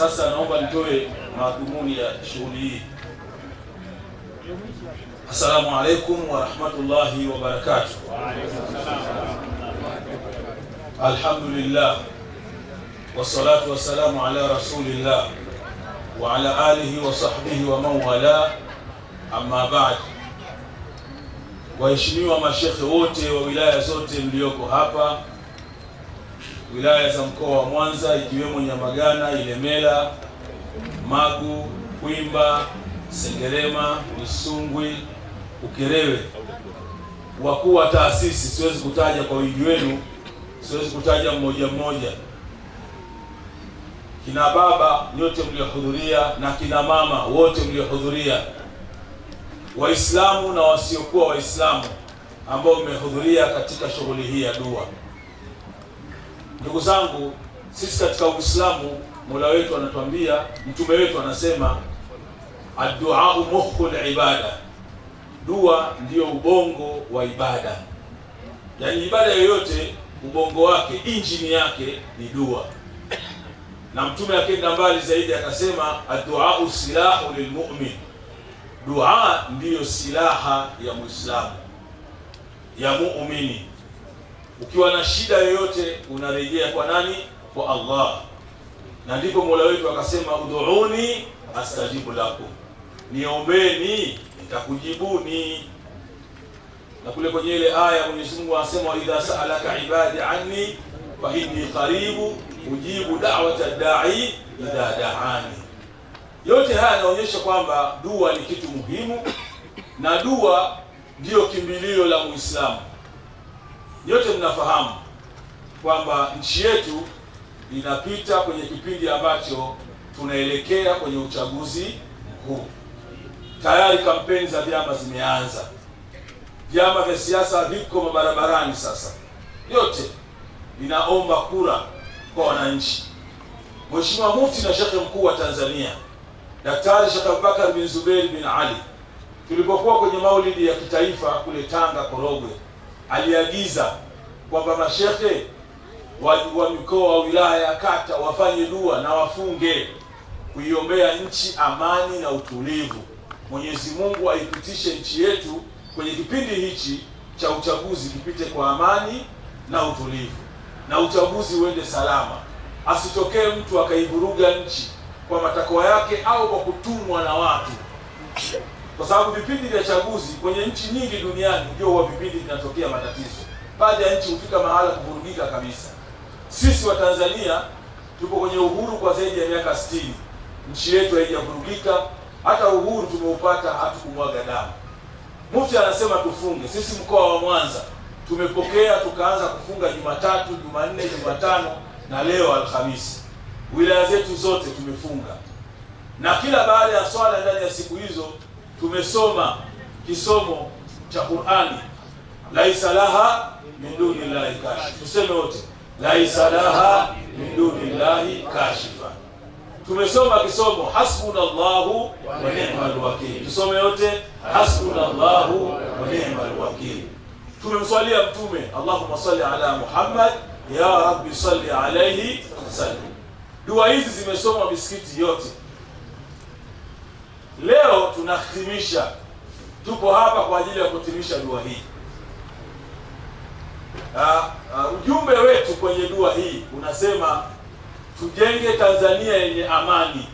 Sasa naomba nitoe madhumuni ya shughuli hii. Assalamu alaikum wa rahmatullahi wa barakatuh. Alhamdulillah wassalatu wassalamu ala rasulillah wa ala alihi wa sahbihi wa man wala, amma ba'd. Waheshimiwa mashekhe wote wa wilaya zote mlioko hapa wilaya za mkoa wa Mwanza ikiwemo Nyamagana, Ilemela, Magu, Kwimba, Sengerema, Misungwi, Ukerewe. Wakuu wa taasisi, siwezi kutaja kwa wingi wenu, siwezi kutaja mmoja mmoja, kina baba nyote mliohudhuria na kina mama wote mliohudhuria, Waislamu na wasiokuwa Waislamu ambao mmehudhuria katika shughuli hii ya dua. Ndugu zangu, sisi katika Uislamu Mola wetu anatuambia, mtume wetu anasema, addu'a mukhu ibada, dua ndiyo ubongo wa ibada. yani ibada yoyote ubongo wake, injini yake ni dua. Na mtume akenda mbali zaidi akasema, addu'a silahu lilmu'min, dua ndiyo silaha ya Muislamu ya muumini ukiwa na shida yoyote unarejea kwa nani? Kwa Allah. Na ndipo Mola wetu akasema, ud'uuni astajibu lakum, niombeni nitakujibuni. Na kule kwenye ile aya Mwenyezi Mungu anasema, wa idha sa'alaka ibadi anni fa inni qaribu ujibu da'wata da'i idha da'ani. Yote haya yanaonyesha kwamba dua ni kitu muhimu, na dua ndiyo kimbilio la Muislamu. Nyote mnafahamu kwamba nchi yetu inapita kwenye kipindi ambacho tunaelekea kwenye uchaguzi mkuu. Tayari kampeni za vyama zimeanza, vyama vya siasa viko mabarabarani sasa, yote inaomba kura kwa wananchi. Mheshimiwa Mufti na Shekhe Mkuu wa Tanzania Daktari Sheikh Abubakar bin Zuberi bin Ali tulipokuwa kwenye maulidi ya kitaifa kule Tanga Korogwe aliagiza kwamba mashekhe wa mikoa wa wilaya ya kata wafanye dua na wafunge kuiombea nchi amani na utulivu. Mwenyezi Mungu aipitishe nchi yetu kwenye kipindi hichi cha uchaguzi, kipite kwa amani na utulivu, na uchaguzi uende salama, asitokee mtu akaivuruga nchi kwa matakwa yake au kwa kutumwa na watu kwa sababu vipindi vya chaguzi kwenye nchi nyingi duniani ndio huwa vipindi vinatokea matatizo. Baadhi ya nchi hufika mahala kuvurugika kabisa. Sisi wa Tanzania tupo kwenye uhuru kwa zaidi ya miaka 60. Nchi yetu haijavurugika, hata uhuru tumeupata, hatukumwaga damu. Mufti anasema tufunge. Sisi mkoa wa Mwanza tumepokea tukaanza kufunga Jumatatu, Jumanne, Jumatano na leo Alhamisi. Wilaya zetu zote tumefunga, na kila baada ya swala ndani ya siku hizo tumesoma kisomo cha Qur'ani, laisa laha min duni llahi kashifa. Tuseme wote, laisa laha min duni llahi kashifa. Tumesoma kisomo hasbunallahu wa ni'mal wakil. Tusome wote, hasbunallahu wa ni'mal wakil. Tumemswalia Mtume, allahumma salli ala Muhammad ya rabbi salli alayhi wa sallim. Dua hizi zimesomwa misikiti yote. Leo tunahitimisha, tuko hapa kwa ajili ya kuhitimisha dua hii. Uh, uh, ujumbe wetu kwenye dua hii unasema tujenge Tanzania yenye amani,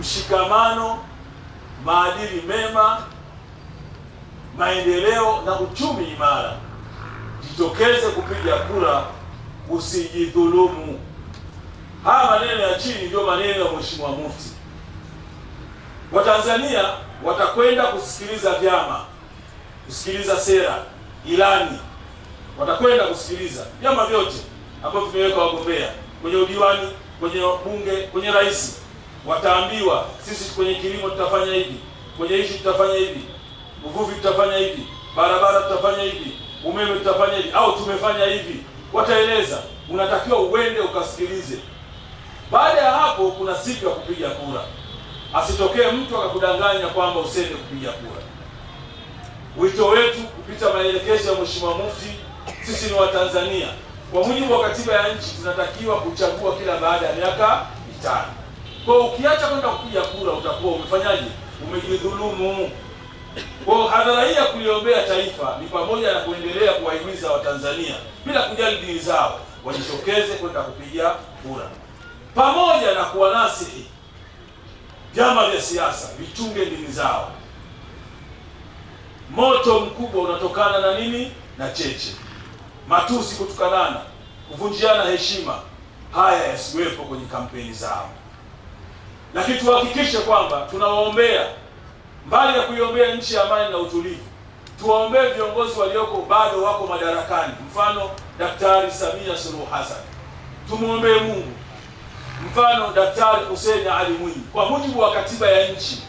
mshikamano, maadili mema, maendeleo na uchumi imara. Jitokeze kupiga kura, usijidhulumu. Haya maneno ya chini ndio maneno ya Mheshimiwa Mufti. Watanzania watakwenda kusikiliza vyama, kusikiliza sera, ilani, watakwenda kusikiliza vyama vyote ambavyo vimeweka wagombea kwenye udiwani, kwenye bunge, kwenye rais. Wataambiwa sisi kwenye kilimo tutafanya hivi, kwenye ishi tutafanya hivi, uvuvi tutafanya hivi, barabara tutafanya hivi, umeme tutafanya hivi, au tumefanya hivi. Wataeleza, unatakiwa uende ukasikilize. Baada ya hapo, kuna siku ya kupiga kura. Asitokee mtu akakudanganya kwamba usiende kupiga kura. Wito wetu kupita maelekezo ya Mheshimiwa Mufti, sisi ni Watanzania, kwa mujibu wa katiba ya nchi tunatakiwa kuchagua kila baada ya miaka mitano. Kwa ukiacha kwenda kupiga kura utakuwa umefanyaje? Umejidhulumu. Kwa hadhara hii ya kuliombea taifa ni pamoja na kuendelea kuwahimiza Watanzania bila kujali dini zao wajitokeze kwenda kupiga kura pamoja na kuwanasihi vyama vya siasa vichunge dini zao. Moto mkubwa unatokana na nini? Na cheche, matusi, kutukanana, kuvunjiana heshima. Haya yasiwepo kwenye kampeni zao, lakini tuhakikishe kwamba tunawaombea, mbali ya kuiombea nchi ya amani na utulivu, tuwaombee viongozi walioko bado wako madarakani, mfano Daktari Samia Suluhu Hassan, tumwombee Mungu mfano Daktari Hussein Ali Mwinyi, kwa mujibu wa katiba ya nchi,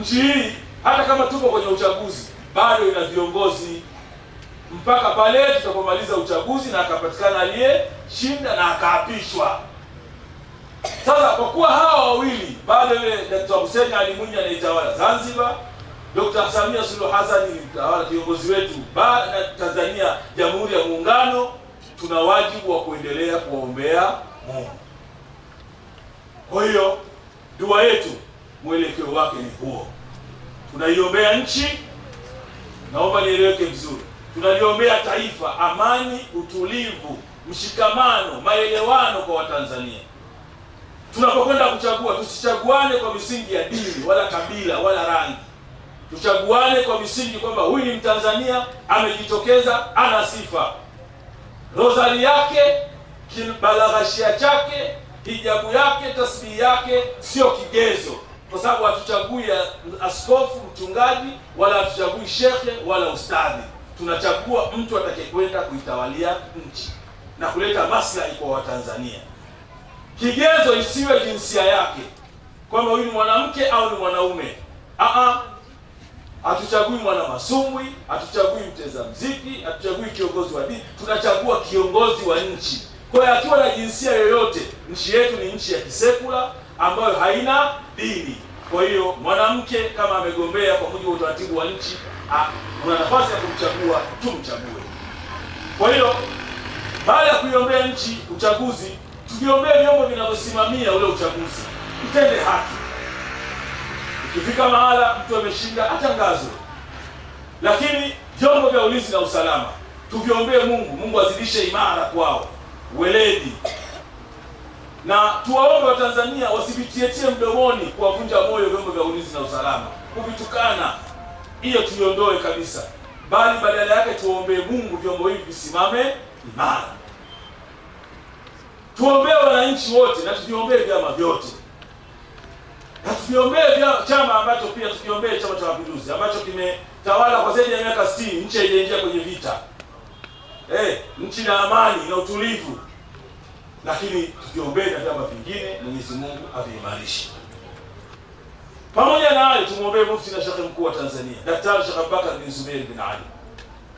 nchi hii hata kama tuko kwenye uchaguzi bado ina viongozi mpaka pale tutapomaliza uchaguzi na akapatikana aliyeshinda na akaapishwa. Sasa kwa kuwa hawa wawili bado, yule Daktari Hussein Ali Mwinyi anaitawala Zanzibar, Dr. Samia Suluhu Hassan ni kiongozi wetu baada Tanzania, Jamhuri ya Muungano, tuna wajibu wa kuendelea kuwaombea Mungu. Kwa hiyo dua yetu mwelekeo wake ni huo. Tunaiombea nchi, naomba nieleweke vizuri, tunaliombea taifa, amani, utulivu, mshikamano, maelewano kwa Watanzania. Tunapokwenda kuchagua, tusichaguane kwa misingi ya dini wala kabila wala rangi, tuchaguane kwa misingi kwamba huyu ni Mtanzania, amejitokeza, ana sifa, rozari yake, kibalaghashia chake hijabu yake, tasbihi yake sio kigezo, kwa sababu hatuchagui askofu, mchungaji, wala hatuchagui shekhe wala ustadhi. Tunachagua mtu atakayekwenda kuitawalia nchi na kuleta maslahi kwa Watanzania. Kigezo isiwe jinsia yake, kwamba huyu ni mwanamke au ni mwanaume. Aha. Hatuchagui mwana masumbwi, hatuchagui mcheza mziki, hatuchagui kiongozi wa dini, tunachagua kiongozi wa nchi. Kwa hiyo akiwa na jinsia yoyote, nchi yetu ni nchi ya kisekula ambayo haina dini. Kwa hiyo mwanamke kama amegombea kwa mujibu wa utaratibu wa nchi, ah, una nafasi ya kumchagua, tumchague. Kwa hiyo baada ya kuiombea nchi uchaguzi, tuviombee vyombo vinavyosimamia ule uchaguzi, tutende haki. Ikifika mahala mtu ameshinda atangazwe, lakini vyombo vya ulinzi na usalama tuviombee Mungu, Mungu azidishe imara kwao weledi, na tuwaombe Watanzania wasivitietie mdomoni kuwavunja moyo vyombo vya ulinzi na usalama, kuvitukana. Hiyo tuiondoe kabisa, bali badala yake tuwaombee Mungu vyombo hivi visimame imara. Tuombee wananchi wote na tuviombee vyama vyote na tuviombee chama ambacho pia tuviombee Chama cha Mapinduzi ambacho kimetawala kwa zaidi ya miaka 60 nchi haijaingia kwenye vita eh, nchi na amani na utulivu, lakini tukiombee na vyama vingine, Mwenyezi Mungu aviimarishe. Pamoja na hayo, tumwombee mufti na shekhe mkuu wa Tanzania Daktari Sheikh Abubakar bin Zubair bin Ali,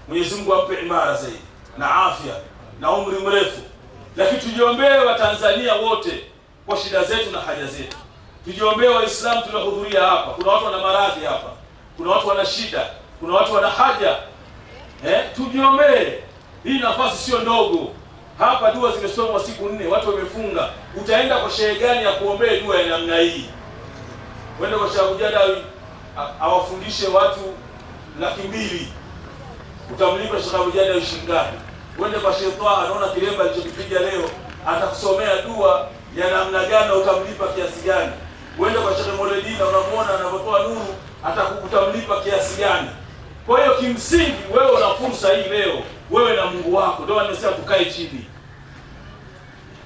Mwenyezi Mungu ampe imara zaidi na afya na umri mrefu, lakini tujiombee Watanzania wote kwa shida zetu na haja zetu. Tujiombee Waislamu tunahudhuria hapa, kuna watu wana maradhi hapa, kuna watu wana shida, kuna watu wana haja eh, tujiombee hii nafasi sio ndogo. Hapa dua zimesomwa siku nne, watu wamefunga. Utaenda kwa shehe gani ya kuombea dua ya namna hii? Wende kwa Shehe Abujadawi awafundishe watu laki mbili, utamlipa Shehe Abujadawi shilingi ngapi? Wende kwa Shehe Twaha, anaona kilemba alichokipiga leo, atakusomea dua ya namna gani, na utamlipa kiasi gani? Wende kwa Sheikh Moledina, unamuona anapotoa nuru, atakukutamlipa kiasi gani? Kwa hiyo kimsingi, wewe una fursa hii leo wewe na Mungu wako. Ndio anasema tukae chini.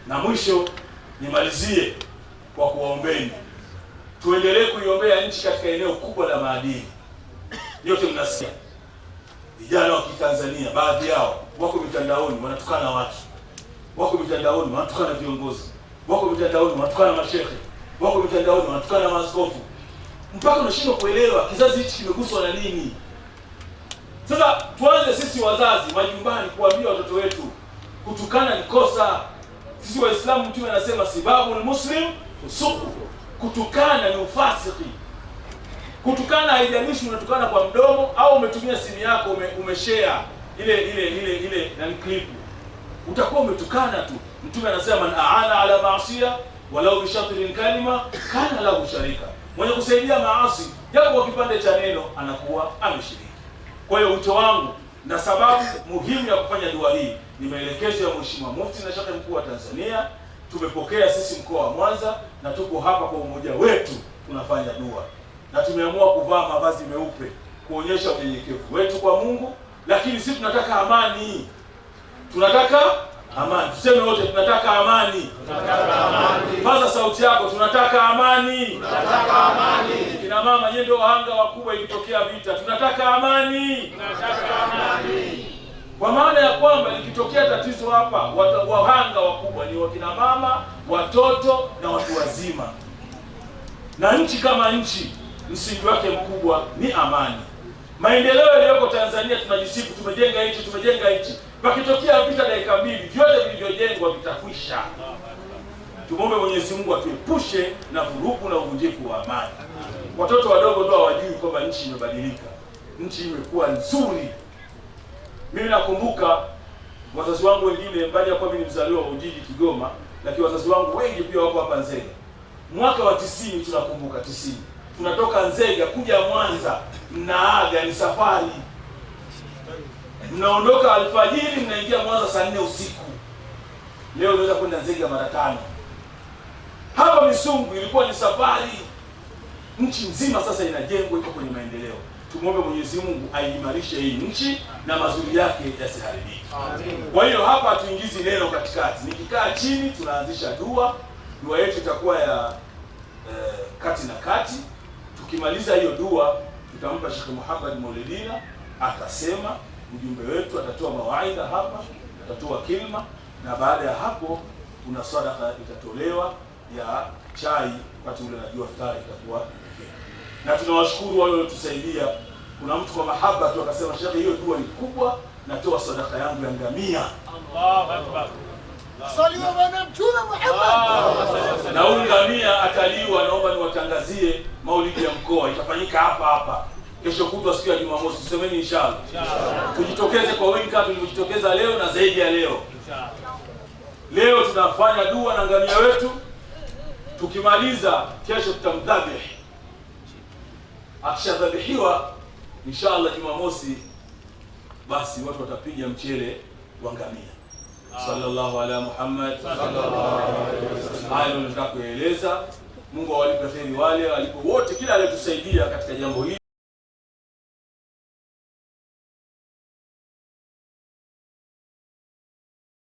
Na mwisho nimalizie kwa kuwaombeni, tuendelee kuiombea nchi katika eneo kubwa la maadili. Yote mnasikia vijana wa Kitanzania, baadhi yao wako mitandaoni wanatukana watu, wako mitandaoni wanatukana viongozi, wako mitandaoni wanatukana mashehe, wako mitandaoni wanatukana maaskofu, mpaka unashindwa kuelewa kizazi hichi kimeguswa na nini. Sasa tuanze sisi wazazi majumbani kuambia watoto wetu kutukana ni kosa. Sisi Waislamu Mtume anasema sibabul muslim fusuku, kutukana ni ufasiki. Kutukana haijalishi unatukana kwa mdomo au umetumia simu yako ume, umeshare ile ile ile ile na clip, utakuwa umetukana tu. Mtume anasema man aana ala maasiya walau bishatrin kalima kana lahu sharika, mwenye kusaidia maasi japo kwa kipande cha neno anakuwa ameshiriki. Kwa hiyo wito wangu na sababu muhimu ya kufanya dua hii ni maelekezo ya Mheshimiwa Mufti na Sheikh Mkuu wa Tanzania. Tumepokea sisi mkoa wa Mwanza na tuko hapa kwa umoja wetu, tunafanya dua na tumeamua kuvaa mavazi meupe kuonyesha unyenyekevu wetu kwa Mungu, lakini sisi tunataka amani, tunataka amani. Tuseme wote, tunataka amani. Tunataka amani. Paza sauti yako, tunataka amani, tunataka amani mama yeye ndio wahanga wakubwa ikitokea vita. Tunataka amani, tunataka amani, kwa maana ya kwamba ikitokea tatizo hapa wahanga wakubwa ni wakina mama, watoto na watu wazima, na nchi kama nchi msingi wake mkubwa ni amani. Maendeleo yaliyoko Tanzania tunajisifu, tumejenga hichi, tumejenga nchi. Pakitokea vita dakika mbili, vyote vilivyojengwa vitakwisha. tumombe Mwenyezi Mungu atuepushe na vurugu na uvunjifu wa amani. Watoto wadogo ndio hawajui kwamba nchi imebadilika, nchi imekuwa nzuri. Mimi nakumbuka wazazi wangu wengine, mbali ya kuwa mimi mzaliwa wa Ujiji Kigoma, lakini wazazi wangu wengi pia wako hapa Nzega. Mwaka wa tisini, tunakumbuka tisini, tunatoka Nzega kuja Mwanza, mnaaga ni safari, mnaondoka alfajiri, mnaingia Mwanza saa nne usiku. Leo unaweza kwenda Nzega mara tano. Hapa Misungu ilikuwa ni safari Nchi nzima sasa inajengwa, iko kwenye maendeleo. Tumwombe Mwenyezi Mungu aiimarishe hii nchi na mazuri yake yasiharibiki. Kwa hiyo hapa hatuingizi neno katikati, nikikaa chini tunaanzisha dua. Dua yetu itakuwa ya eh, kati na kati. Tukimaliza hiyo dua tutampa Sheikh Muhammad Maulidina atasema mjumbe wetu atatoa mawaidha hapa, atatoa kilma, na baada ya hapo kuna sadaka itatolewa ya chai, wakati ule najua futari itakuwa na tunawashukuru wale waliotusaidia. Kuna mtu kwa mahaba tu akasema, Sheikh, hiyo dua ni kubwa, natoa sadaka yangu ya ngamia. Na huyu ngamia ataliwa. Naomba niwatangazie maulidi ya mkoa itafanyika hapa hapa kesho kutwa, siku ya Jumamosi. Tusemeni inshallah, tujitokeze kwa wingi kama tulivyojitokeza leo na zaidi ya leo. Leo tunafanya dua na ngamia wetu, tukimaliza kesho tutamdhabihi akishadhabihiwa allah Jumamosi, basi watu watapiga mchele wa ngamia. salllahu ala Muhammad. Hayo nataka kueleza. Mungu awalipe wale walipo wote, kila aliyetusaidia katika jambo hili.